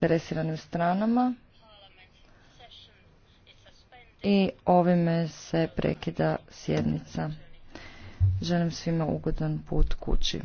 interesiranim stranama i ovime se prekida sjednica. Želim svima ugodan put kući.